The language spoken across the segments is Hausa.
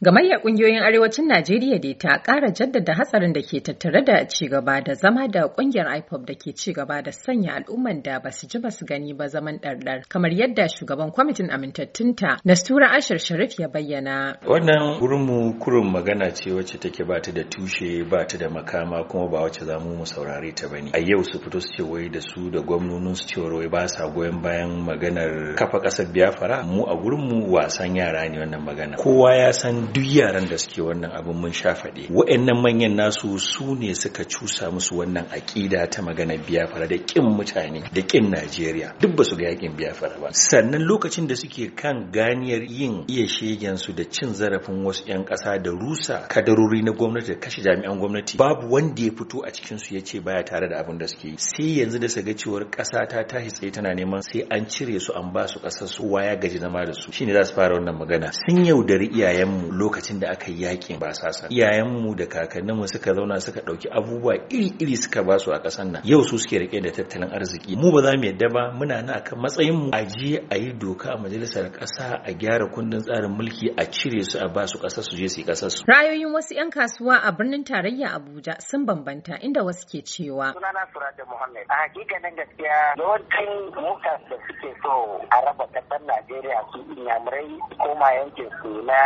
Gamayyar ƙungiyoyin Arewacin Najeriya dai ta ƙara jaddada hatsarin da ke tattare da ci gaba da zama da ƙungiyar IPOP da ke ci gaba da sanya al'umman da ba su ji ba su gani ba zaman ɗarɗar, kamar yadda shugaban kwamitin Amintattun amintattunta Nastura Ashir Sharif ya bayyana. Wannan wurin mu kurun magana ce wacce take ba ta da tushe ba ta da makama kuma ba wacce za mu saurare ta bane. A yau su fito su ce wai da su da gwamnonin su ce wai ba sa goyon bayan maganar kafa ƙasar Biafra mu a mu wasan yara ne wannan magana. Kowa ya san duk yaran da suke wannan abin mun sha faɗi wa'annan manyan nasu su ne suka cusa musu wannan aƙida ta magana biyafara da ƙin mutane da ƙin Najeriya duk ba su ga yakin biyafara ba sannan lokacin da suke kan ganiyar yin iya shegen su da cin zarafin wasu 'yan ƙasa da rusa kadarori na gwamnati da kashe jami'an gwamnati babu wanda ya fito a cikin su yace baya tare da abin da suke yi sai yanzu da saga cewar ƙasa ta tashi tsaye tana neman sai an cire su an ba su ƙasar su waya gaji zama da su shine za su fara wannan magana sun yaudari iyayenmu lokacin da aka yi yakin basasa iyayenmu da kakanninmu suka zauna suka ɗauki abubuwa iri-iri suka ba su a ƙasar nan yau su suke rike da tattalin arziki mu ba za mu yadda ba muna na kan mu a je a yi doka a majalisar ƙasa a gyara kundin tsarin mulki a cire su a ba su ƙasar su je su yi ƙasar su ra'ayoyin wasu 'yan kasuwa a birnin tarayya Abuja sun bambanta inda wasu ke cewa sunana Suraj Muhammad a hakikanin gaskiya yawancin mutas da suke so a raba ƙasar Najeriya su inyamurai koma yankin su na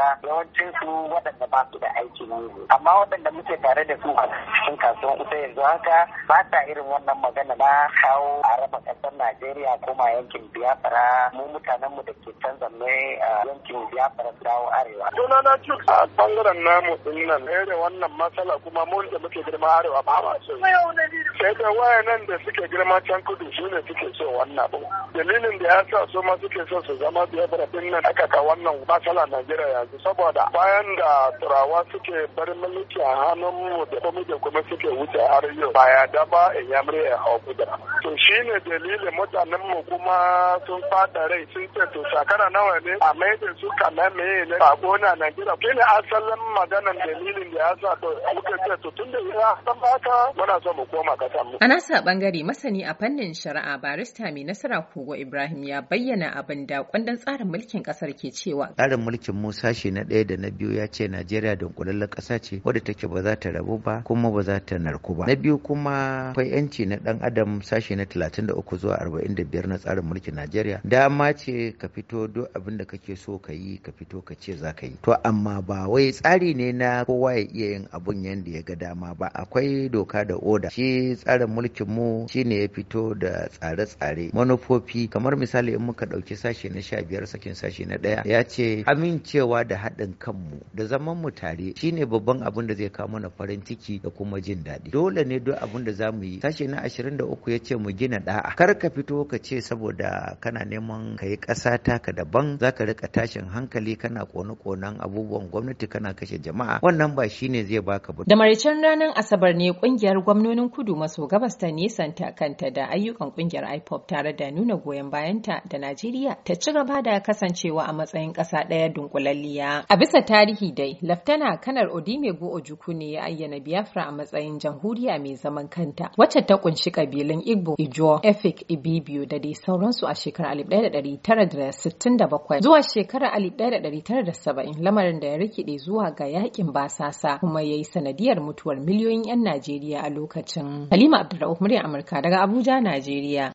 yara yawancin su waɗanda ba su da aikin ne amma waɗanda muke tare da su a cikin kasuwan ita yanzu haka ba sa irin wannan magana na kawo a raba ƙasar Najeriya ko ma yankin Biafra mu mutanen mu da ke can zanne a yankin Biafra su dawo arewa. Suna na cuk a bangaren namu din nan da wannan matsala kuma mun da muke girma arewa ba ma so. Sai da wayanan da suke girma can kudu su ne suke so wannan abu. Dalilin da ya sa su ma suke so su zama Biafra din nan aka ka wannan matsala Najeriya yanzu saboda bayan da turawa suke barin mulki a hannun mu da kuma da kuma suke wuce har yau ba ya da ba in yamre ya hau kudura to shine dalilin mutanen mu kuma sun fada rai sun ce to shakara nawa ne a mai da su kana meye ne a gona Najeriya ne asalin maganan dalilin da ya sa to ce to tun da ya san baka muna so mu koma kasan mu a nasa bangare masani a fannin shari'a barista mai nasara Kogo Ibrahim ya bayyana abin da kwandan tsarin mulkin kasar ke cewa tsarin mulkin Musa sashi na ɗaya da na biyu ya ce najeriya dunkulallen ƙasa ce wadda take ba za ta rabu ba kuma ba za ta narku ba na biyu kuma akwai yanci na ɗan adam sashe na 33 zuwa arba'in 45 na tsarin mulkin najeriya dama ce ka fito duk abin da kake so ka yi ka fito ka ce za ka yi to amma ba wai tsari ne na kowa ya iya yin abun yadda ya ga dama ba akwai doka da oda shi tsarin mulkin mu shine ya fito da tsare-tsare manufofi kamar misali in muka ɗauki sashi na 15 sakin sashi na ɗaya ya ce amincewa da haɗin kanmu da zaman mu tare shine babban abin da zai kawo mana farin ciki da kuma jin daɗi dole ne duk abin da zamu yi sashe na 23 yace mu gina da'a kar ka fito ka ce saboda kana neman ka yi ƙasa taka daban zaka rika tashin hankali kana kone konan abubuwan gwamnati kana kashe jama'a wannan ba shine zai baka ba da maraicen ranar asabar ne kungiyar gwamnonin kudu maso gabas ta nisanta kanta da ayyukan kungiyar ipop tare da nuna goyon bayanta da najeriya ta ci gaba da kasancewa a matsayin ƙasa ɗaya dunkulalliya A bisa tarihi dai, Laftana Kanar Odimegu Ojukwu ne ya ayyana Biafra a matsayin jamhuriya mai zaman kanta, wacce ta kunshi kabilun Igbo, Ijo, Efik, Ibibio da dai sauransu a shekarar 1967 zuwa shekarar 1970 lamarin da ya rikide zuwa ga yakin basasa kuma ya yi sanadiyar mutuwar miliyoyin 'yan Najeriya a lokacin. Halima Abdulrahman Amurka daga Abuja, Najeriya.